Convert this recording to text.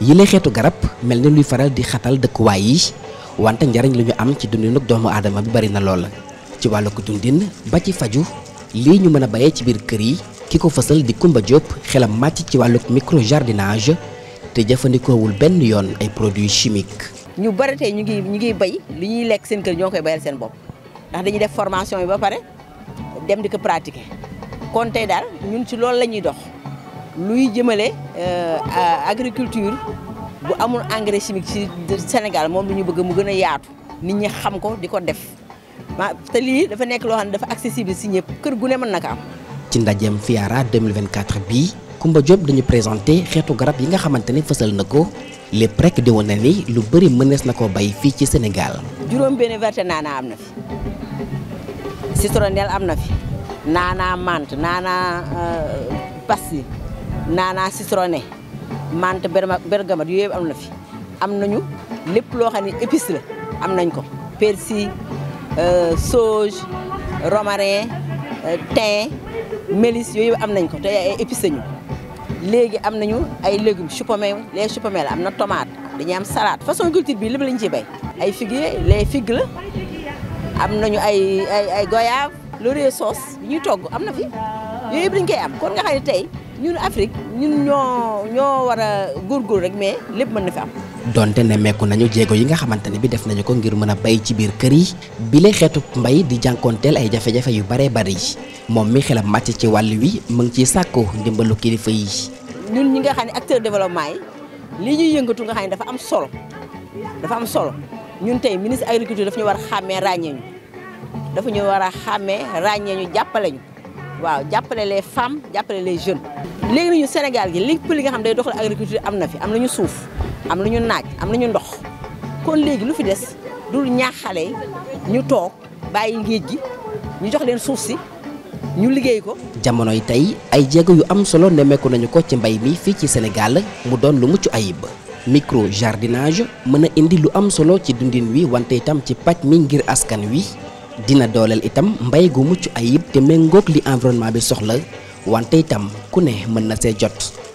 yile xeetu garab mel ni luy faral di xatal dëkkuwaay yi wante njariñ li ñu am ci dundinuk doomu aadama bi bari na la ci wàllu ko dundin ba ci faju lii ñu mën a bayee ci biir kër yi ki ko fësal di Kumba Diop xelam màcc ci wàllu micro jardinage te jëfandikoowul benn yoon ay produits chimiques. ñu bari tey ñu ngi ñu ngi bay li ñuy lekk seen kër ñoo koy bayal seen bopp ndax dañuy def formation yi ba pare dem di ko pratiquer kon tey daal ñun ci loolu la ñuy dox. luy jëmale euh, agriculture bu amul engrais chimique ci Sénégal moom lu ñu bëgg mu gën a yaatu nit ñi xam ko di ko def waa te lii dafa nekk loo xam ne dafa accessible si ñëpp kër gu ne mën na ko am. ci ndajeem FIARA 2024 bii Koumba Diop dañu présenté xeetu garab yi nga xamante ne fësal na ko lépp rek di wane nii lu bëri mënees na koo bay fii ci Sénégal. juróom benn verte naanaa am na fi citronnelle am na fi naanaa menthe naanaa euh, pastille naanaa citronné menthe bergamote yooyu am na fi am nañu lépp loo xam ne épice la am nañ ko persil euh, sauge romarin euh, thym mélisse yooyu am nañ ko te ay épice lañu léegi am nañu ay légumes chou les chou la am na tomate dañuy am salade façon culture bi lépp lañu ciy bay ay figuier les figues la am nañu ay ay ay goyave laurier sauce bi togg am na fi yooyu yëpp dañ am kon nga xam ne tey ñun Afrique ñun ñoo ñoo war góor góor rek mais lépp mën na fi am. donte ne mekku nañu jéego yi nga xamante ne bi def nañu ko ngir mën a bay ci biir kër yi bile xeetu mbay di jànkoonteel ay jafe-jafe yu baree bari moom mi xelam màcc ci wàll wi mu ngi ciy sàkku ndimbalu kilifa yi. ñun ñi nga xam ne acteur développement yi li ñuy yëngatu nga xam ne dafa am solo dafa am solo ñun tey ministre agriculture dafa ñu war a xàmmee dafa ñu war a xàmmee ràññee ñu jàppale ñu waaw jàppale les femmes jàppale les jeunes. léegi nañu Sénégal gi lépp li nga xam day doxal agriculture am na fi am nañu suuf am nañu naaj am nañu ndox kon léegi lu fi des dul ñaax xale ñu toog bàyyi ngéej gi ñu jox leen suuf si ñu liggéey ko. jamono yi tey ay jéego yu am solo nemmeeku nañu ko ci mbay mi fii ci Sénégal mu doon lu mucc ayib. micro jardinage mën a indi lu am solo ci dundin wi wante itam ci paj mi ngir askan wi dina dooleel itam mbay gu mucc ayib te méngoog li environnement bi soxla wante itam ku ne mën na see jot